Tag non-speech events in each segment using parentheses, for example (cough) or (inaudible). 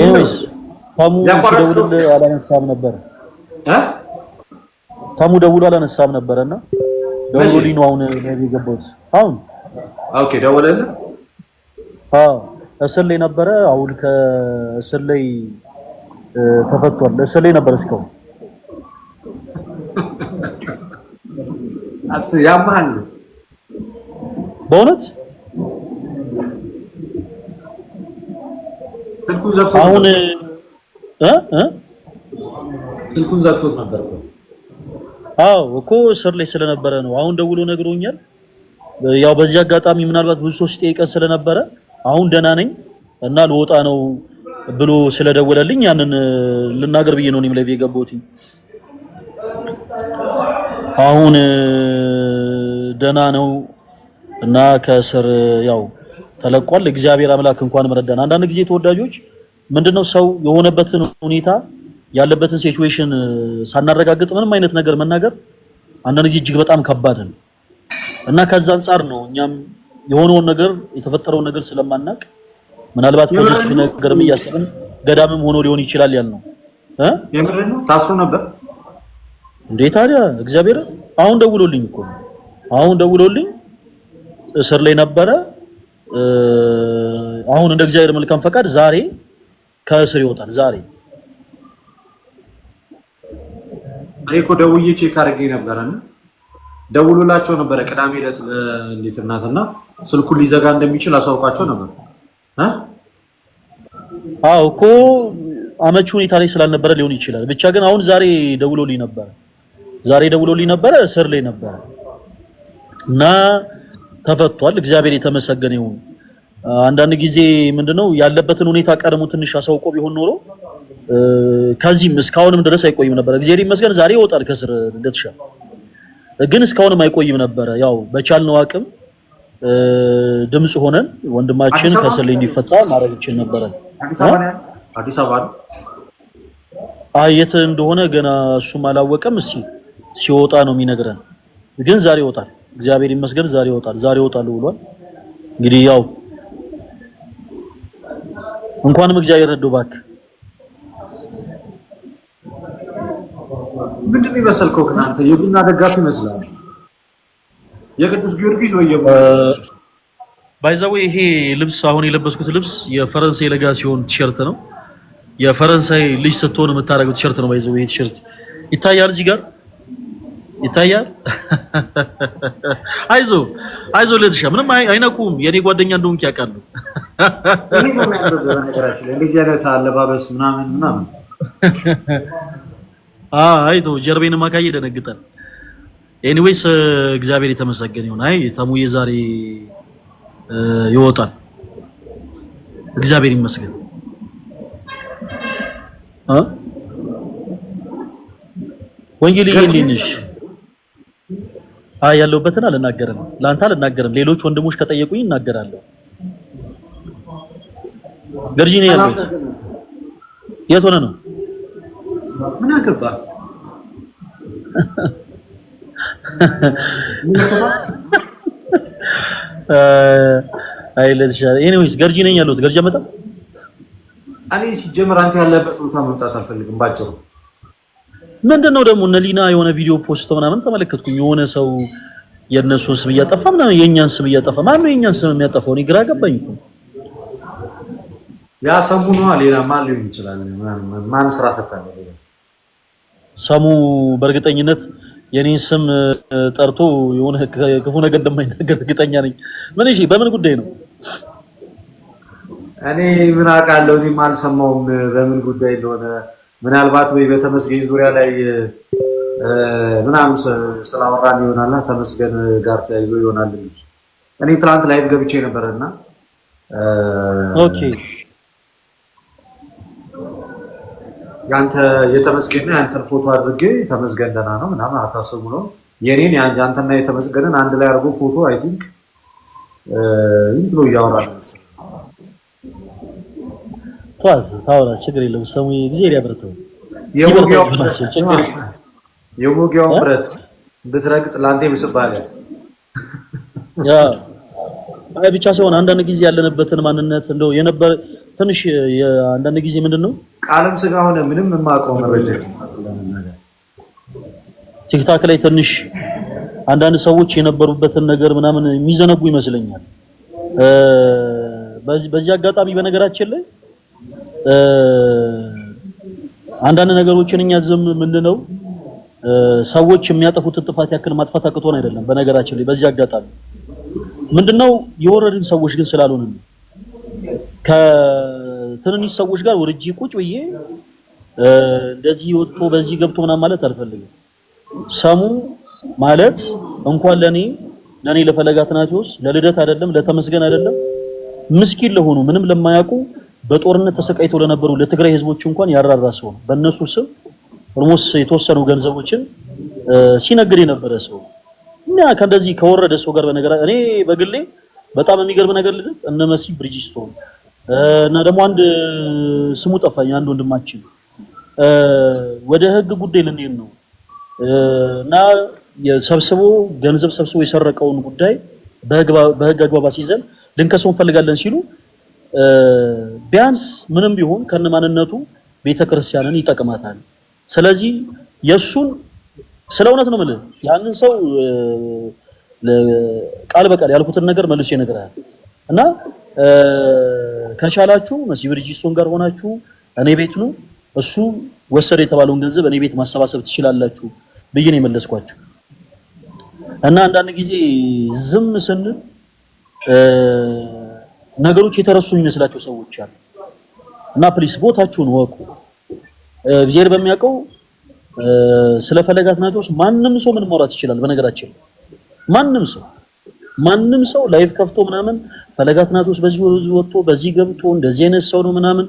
ኤኒዌይስ ታሙ አላነሳም ነበር እ ታሙ ደውሎ አላነሳም ነበርና ደውሎልኝ ነው አሁን ነው የገባሁት። አሁን ኦኬ ደወለልህ? አዎ እስር ላይ ነበረ። አሁን ከእስር ላይ ተፈቷል። እስር ላይ ነበር እስካሁን። አስ ያማል በእውነት አሁን እ ስልኩን ዘግቶት ነበር እኮ አዎ እኮ ስር ላይ ስለነበረ ነው። አሁን ደውሎ ነግሮኛል። ያው በዚህ አጋጣሚ ምናልባት ብዙ ሰው ሲጠይቀን ስለነበረ አሁን ደህና ነኝ እና ልወጣ ነው ብሎ ስለደወለልኝ ያንን ልናገር ብዬ ነው እኔም ለቪ የገባሁት። አሁን ደህና ነው እና ከስር ያው ተለቋል። እግዚአብሔር አምላክ እንኳን መረዳን። አንዳንድ ጊዜ ተወዳጆች ምንድነው ሰው የሆነበትን ሁኔታ ያለበትን ሲቹዌሽን ሳናረጋግጥ ምንም አይነት ነገር መናገር አንዳንድ ጊዜ እጅግ በጣም ከባድ ነው እና ከዛ አንጻር ነው እኛም የሆነውን ነገር የተፈጠረውን ነገር ስለማናቅ ምናልባት ፖዚቲቭ ነገርም እያሰብን ገዳምም ሆኖ ሊሆን ይችላል ያልነው እ ታስሮ ነበር እንዴ ታዲያ እግዚአብሔር አሁን ደውሎልኝ እኮ አሁን ደውሎልኝ እስር ላይ ነበረ አሁን እንደ እግዚአብሔር መልካም ፈቃድ ዛሬ ከእስር ይወጣል። ዛሬ እኔ እኮ ደውዬ ቼክ አድርጌ ነበረና ደውሎላቸው ነበረ። ቅዳሜ ዕለት እንዴት እናትና ስልኩን ሊዘጋ እንደሚችል አሳውቃቸው ነበር። አዎ እኮ አመቺ ሁኔታ ላይ ስላልነበረ ሊሆን ይችላል። ብቻ ግን አሁን ዛሬ ደውሎልኝ ነበረ። ዛሬ ደውሎልኝ ነበረ። እስር ላይ ነበረ እና ተፈቷል። እግዚአብሔር የተመሰገነ ይሁን። አንዳንድ ጊዜ ምንድነው ያለበትን ሁኔታ ቀድሞ ትንሽ አሳውቆ ቢሆን ኖሮ ከዚህም እስካሁንም ድረስ አይቆይም ነበረ። እግዚአብሔር ይመስገን ዛሬ ይወጣል ከስር እንደተሻ፣ ግን እስካሁንም አይቆይም ነበረ። ያው በቻልነው አቅም ድምፅ ሆነን ወንድማችን ከስር ላይ እንዲፈታ ማድረግ ይችል ነበረ። አዲስ አበባ ነው። የት እንደሆነ ገና እሱም አላወቀም። እስኪ ሲወጣ ነው የሚነግረን። ግን ዛሬ ይወጣል። እግዚአብሔር ይመስገን ዛሬ ይወጣል። ዛሬ ይወጣል ብሏል። እንግዲህ ያው እንኳንም እግዚአብሔር ረዶ እባክህ ምንድን ይመስልከው ግን አንተ የቡና ደጋፊ ይመስላል። የቅዱስ ጊዮርጊስ ወይ ባይዛው ይሄ ልብስ አሁን የለበስኩት ልብስ የፈረንሳይ ለጋ ሲሆን ቲሸርት ነው። የፈረንሳይ ልጅ ስትሆን የምታደርገው ቲሸርት ነው። ባይዛው ይሄ ቲሸርት ይታያል እዚህ ጋር ይታያል። አይዞ አይዞ ልትሻ ምንም አይነቁም። የኔ ጓደኛ እንደሆንክ ያውቃሉ። እንደዚህ አይነት አለባበስ ምናምን ምናምን (laughs) አይቶ ጀርቤን ማካይ ይደነግጣል። ኤኒዌይስ እግዚአብሔር የተመሰገነ ይሁን። አይ ተሙዬ ዛሬ ይወጣል። እግዚአብሔር ይመስገን። ወንጌል ይሄን ይንሽ አይ ያለሁበትን አልናገርም፣ ለአንተ አልናገርም። ሌሎች ወንድሞች ከጠየቁኝ እናገራለሁ። ቨርጂኒያ ያለው የት ሆነ ነው? ምን አገባ? አይ ለዚህ ኤኒዌይስ ገርጂ ነኝ ያለሁት ገርጂ አመጣ። እኔ ሲጀምር አንተ ያለበት ቦታ መምጣት አልፈልግም ባጭሩ ምንድነው ደግሞ እነ ሊና የሆነ ቪዲዮ ፖስት ምናምን ተመለከትኩኝ። የሆነ ሰው የእነሱን ስም እያጠፋ ምናምን የእኛን ስም እያጠፋ ነው የእኛን ስም የሚያጠፋው? እኔ ግራ ገባኝ ያ ሰሙ ነዋ። ሌላ ማን ሊሆን ይችላል? ማን ስራ ፈታ ነው ሰሙ? በእርግጠኝነት የኔን ስም ጠርቶ የሆነ ክፉ ነገር እንደማይናገር እርግጠኛ ነኝ። ምን እሺ፣ በምን ጉዳይ ነው? እኔ ምን አውቃለሁ? እኔም አልሰማሁም በምን ጉዳይ እንደሆነ ምናልባት ወይ በተመስገን ዙሪያ ላይ ምናምን ስላወራን ይሆናል ተመስገን ጋር ተያይዞ ይሆናል እንጂ እኔ ትላንት ላይ ገብቼ ነበረ ኦኬ ያንተ የተመስገንና ያንተን ፎቶ አድርጌ ተመስገን ደህና ነው ምናምን አታስቡ ነው የኔን ያንተና የተመስገንን አንድ ላይ አድርጎ ፎቶ አይ ቲንክ ይህን ብሎ እያወራል መሰለኝ ተዋዝ ታውራ ችግር የለው። ሰሙ እግዚአብሔር ያብረተው የሙጊያውን ብረት ብትረግጥ ለአንተ ይብስብሃል። ብቻ ሳይሆን አንዳንድ ጊዜ ያለንበትን ማንነት እንደው የነበረ ትንሽ አንዳንድ ጊዜ ምንድን ነው ቃለም ስጋ ሆነ ምንም የማውቀው መረጃ ቲክታክ ላይ ትንሽ አንዳንድ ሰዎች የነበሩበትን ነገር ምናምን የሚዘነጉ ይመስለኛል። በዚህ አጋጣሚ በነገራችን ላይ አንዳንድ ነገሮችን እኛ ዝም የምንለው ሰዎች የሚያጠፉትን ጥፋት ያክል ማጥፋት አቅቶን አይደለም። በነገራችን ላይ በዚህ አጋጣሚ ምንድነው የወረድን ሰዎች ግን ስላልሆነ ነው። ከትንንሽ ሰዎች ጋር ወርጂ ቁጭ ብዬ እንደዚህ ወጥቶ በዚህ ገብቶ ምናምን ማለት አልፈልግም። ሰሙ ማለት እንኳን ለኔ ለኔ ለፈለጋትናቴዎስ ለልደት አይደለም ለተመስገን አይደለም ምስኪን ለሆኑ ምንም ለማያውቁ በጦርነት ተሰቃይቶ ለነበሩ ለትግራይ ህዝቦች እንኳን ያራራ ሰው ነው። በእነሱ ስም ኦልሞስ የተወሰኑ ገንዘቦችን ሲነግድ የነበረ ሰው እና ከእንደዚህ ከወረደ ሰው ጋር በነገር እኔ በግሌ በጣም የሚገርም ነገር ልደት እነ መሲ ብሪጅስቶን እና ደግሞ አንድ ስሙ ጠፋኝ አንድ ወንድማችን ወደ ህግ ጉዳይ ልንሄድ ነው እና ሰብስቦ ገንዘብ ሰብስቦ የሰረቀውን ጉዳይ በህግ አግባባ ሲዘን ልንከሰው እንፈልጋለን ሲሉ ቢያንስ ምንም ቢሆን ከነማንነቱ ቤተክርስቲያንን ይጠቅማታል። ስለዚህ የሱን ስለ እውነት ነው የምልህ። ያንን ሰው ቃል በቃል ያልኩትን ነገር መልሶ ይነግራል። እና ከቻላችሁ መሲብ ጋር ሆናችሁ እኔ ቤት ነው እሱ ወሰደ የተባለውን ገንዘብ እኔ ቤት ማሰባሰብ ትችላላችሁ ብዬ ነው የመለስኳቸው። እና አንዳንድ ጊዜ ዝም ስንል ነገሮች የተረሱ የሚመስላቸው ሰዎች አሉ። እና ፕሊስ ቦታችሁን ወቁ። እግዚአብሔር በሚያውቀው ስለፈለጋት ናቸው። ማንም ሰው ምን ማውራት ይችላል። በነገራችን ማንም ሰው ማንም ሰው ላይፍ ከፍቶ ምናምን ፈለጋት አትናትዮስ በዚህ ወጥቶ በዚህ ገብቶ እንደዚህ አይነት ሰው ነው ምናምን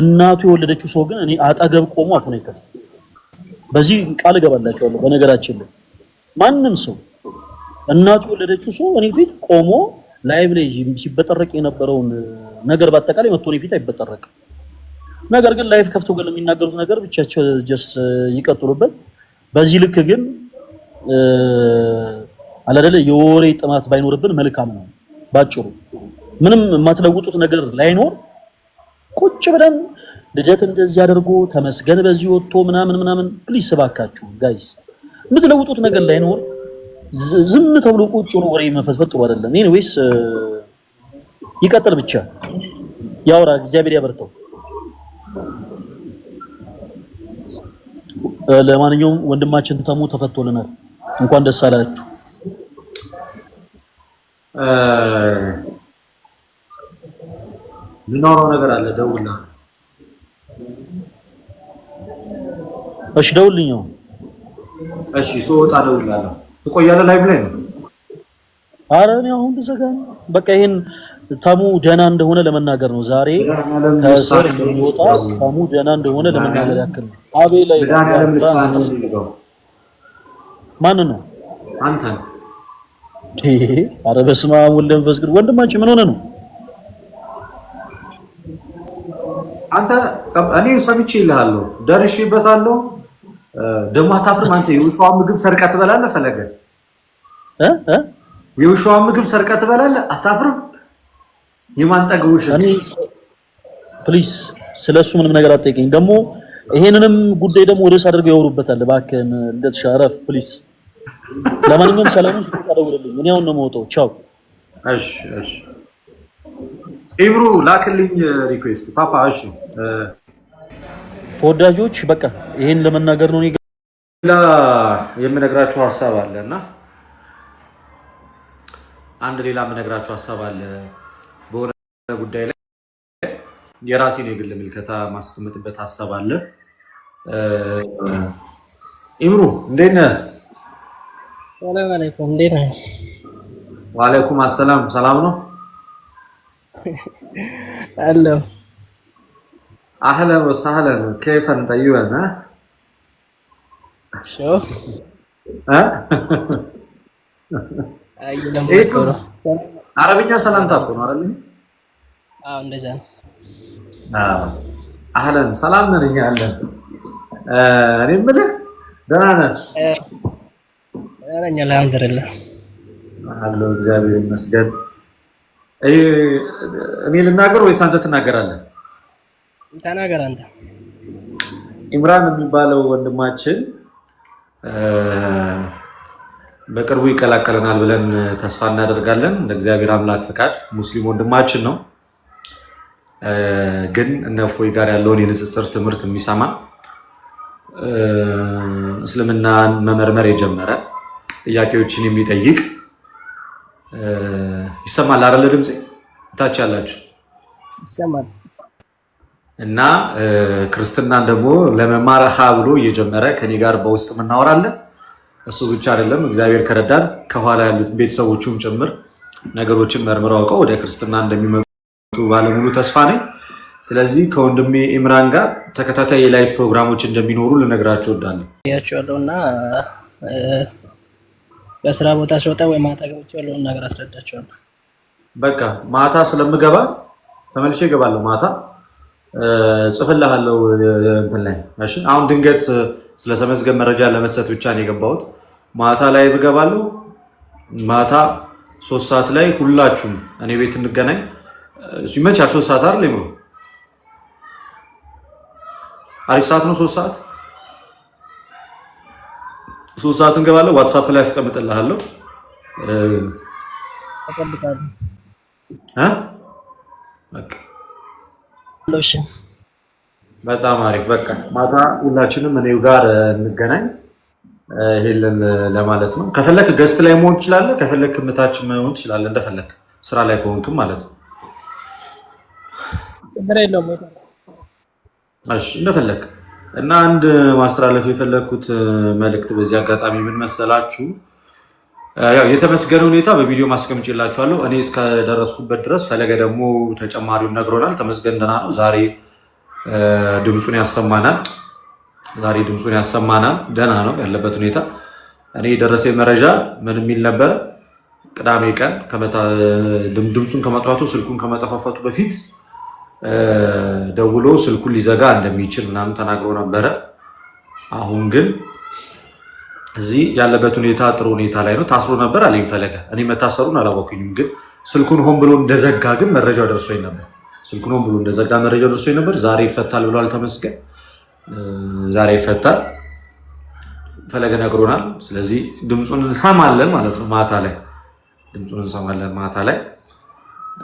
እናቱ የወለደችው ሰው ግን እኔ አጠገብ ቆሞ አፉን አይከፍት። በዚህ ቃል እገባላችኋለሁ። በነገራችን ላይ ማንም ሰው እናቱ የወለደችው ሰው እኔ ፊት ቆሞ ላይቭ ላይ ሲበጠረቅ የነበረውን ነገር በአጠቃላይ መቶ ፊት አይበጠረቅም። ነገር ግን ላይቭ ከፍቶ ግን የሚናገሩት ነገር ብቻቸው ጀስ ይቀጥሉበት። በዚህ ልክ ግን አላደለ የወሬ ጥማት ባይኖርብን መልካም ነው። ባጭሩ ምንም የማትለውጡት ነገር ላይኖር ቁጭ ብለን ልደት እንደዚህ አድርጎ ተመስገን በዚህ ወጥቶ ምናምን ምናምን ፕሊስ እባካችሁ ጋይስ የምትለውጡት ነገር ላይኖር ዝም ተብሎ ቁጭ ብሎ ወሬ መፈትፈት ጥሩ አይደለም። ወይስ ይቀጥል ብቻ ያውራ፣ እግዚአብሔር ያበርተው። ለማንኛውም ወንድማችን ተሙ ተፈቶልናል፣ እንኳን ደስ አላችሁ። ምናወራው ነገር አለ። ደውልና እሺ፣ ደውልኝ። እሺ፣ ሶ ደውላለሁ ትቆያለህ ላይቭ ላይ ነው? አረ እኔ አሁን ልዘጋ ነው። በቃ ይሄን ተሙ ደህና እንደሆነ ለመናገር ነው። ዛሬ ከእስር እንደሚወጣ ተሙ ደህና እንደሆነ ለመናገር ያክል ነው። አቤ ላይ ማን ነው አንተ? አረ በስመ አብ ወልድ ወመንፈስ ቅዱስ። ወንድማችን ምን ሆነ ነው አንተ? እኔ ሰምቼ እልሃለሁ፣ ደርሼበታለሁ ደግሞ አታፍርም አንተ? የውሻዋን ምግብ ሰርቀ ትበላለህ። ፈለገ እ የውሻዋን ምግብ ሰርቀ ትበላለህ። አታፍርም? የማንጠግ ውሽ ፕሊዝ፣ ስለሱ ምንም ነገር አትጠይቀኝ። ደግሞ ይሄንንም ጉዳይ ደግሞ ወደስ አድርገው ያወሩበታል። እባክህን ልደትሻ እረፍ ፕሊስ ለማንኛውም ሰላም ታደውልልኝ። እኔ አሁን ነው የምወጣው። ቻው። እሺ፣ እሺ፣ ኢብሩ ላክልኝ ሪኩዌስት ፓፓ። እሺ ተወዳጆች በቃ ይሄን ለመናገር ነው። ሌላ የምነግራችሁ ሀሳብ አለ እና አንድ ሌላ የምነግራችሁ ሀሳብ አለ በሆነ ጉዳይ ላይ የራሴን የግል ምልከታ ማስቀመጥበት ሀሳብ አለ። ኢምሩ እንዴት ነህ? ሰላም አለይኩም። እንዴት ነህ? ወአለይኩም አሰላም። ሰላም ነው አለው اهلا وسهلا كيف طيبا ها شو ها አረብኛ ሰላምታ እኮ ነው አይደል? አዎ እንደዛ ነው። አዎ አህለን ሰላም ነን እኛ አለን። እኔ የምልህ ደህና ነን? ኧረ እኛ አልሀምድሊላህ አለሁ እግዚአብሔር ይመስገን። እኔ ልናገር ወይስ አንተ ትናገራለህ? ተናገር አንተ። ኢምራን የሚባለው ወንድማችን በቅርቡ ይቀላቀለናል ብለን ተስፋ እናደርጋለን። ለእግዚአብሔር አምላክ ፍቃድ ሙስሊም ወንድማችን ነው። ግን እነ እፎይ ጋር ያለውን የንጽጽር ትምህርት የሚሰማ እስልምና መመርመር የጀመረ ጥያቄዎችን የሚጠይቅ ይሰማል። አረለ ድምፅ እታች ያላችሁ ይሰማል። እና ክርስትናን ደግሞ ለመማር ሀ ብሎ እየጀመረ ከኔ ጋር በውስጥ እናወራለን። እሱ ብቻ አይደለም እግዚአብሔር ከረዳን ከኋላ ያሉት ቤተሰቦቹም ጭምር ነገሮችን መርምረው አውቀው ወደ ክርስትና እንደሚመጡ ባለሙሉ ተስፋ ነኝ። ስለዚህ ከወንድሜ ኢምራን ጋር ተከታታይ የላይፍ ፕሮግራሞች እንደሚኖሩ ልነግራቸው እወዳለሁ እና በስራ ቦታ ስወጣ ወይ ማታ ገብቼ ያለውን ነገር አስረዳቸዋለሁ። በቃ ማታ ስለምገባ ተመልሼ እገባለሁ ማታ ጽፍልሃለው እንትን ላይ እሺ። አሁን ድንገት ስለ ተመዝገብ መረጃ ለመስጠት ብቻ ነው የገባሁት። ማታ ላይ እገባለሁ። ማታ ሶስት ሰዓት ላይ ሁላችሁም እኔ ቤት እንገናኝ። ይመቻል። ሶስት ሰዓት አይደል? ይምሩ አሪፍ ሰዓት ነው። ሶስት ሰዓት ሶስት ሰዓት እንገባለሁ። ዋትሳፕ ላይ አስቀምጥልሃለሁ። በቃ በጣም አሪፍ። በቃ ማታ ሁላችንም እኔው ጋር እንገናኝ። ይሄንን ለማለት ነው። ከፈለክ ገስት ላይ መሆን ትችላለ ከፈለክ ምታች መሆን ትችላለህ። እንደፈለክ ስራ ላይ ከሆንክም ማለት ነው። እንደፈለክ እና አንድ ማስተላለፍ የፈለግኩት መልእክት በዚህ አጋጣሚ ምን መሰላችሁ? ያው የተመስገነ ሁኔታ በቪዲዮ ማስቀምጭላችኋለሁ። እኔ እስከደረስኩበት ድረስ ፈለገ ደግሞ ተጨማሪውን ነግሮናል። ተመስገን ደህና ነው። ዛሬ ድምፁን ያሰማናል። ዛሬ ድምፁን ያሰማናል። ደህና ነው ያለበት ሁኔታ። እኔ የደረሰ መረጃ ምን የሚል ነበረ? ቅዳሜ ቀን ድምፁን ከመጥፋቱ ስልኩን ከመጠፋፋቱ በፊት ደውሎ ስልኩን ሊዘጋ እንደሚችል ምናምን ተናግሮ ነበረ። አሁን ግን እዚህ ያለበት ሁኔታ ጥሩ ሁኔታ ላይ ነው። ታስሮ ነበር አለኝ ፈለገ። እኔ መታሰሩን አላወኩኝም፣ ግን ስልኩን ሆን ብሎ እንደዘጋ ግን መረጃው ደርሶኝ ነበር። ስልኩን ሆን ብሎ እንደዘጋ መረጃው ደርሶኝ ነበር። ዛሬ ይፈታል ብሏል ተመስገን። ዛሬ ይፈታል ፈለገ ነግሮናል። ስለዚህ ድምፁን እንሰማለን ማለት ነው። ማታ ላይ ድምፁን እንሰማለን ማታ ላይ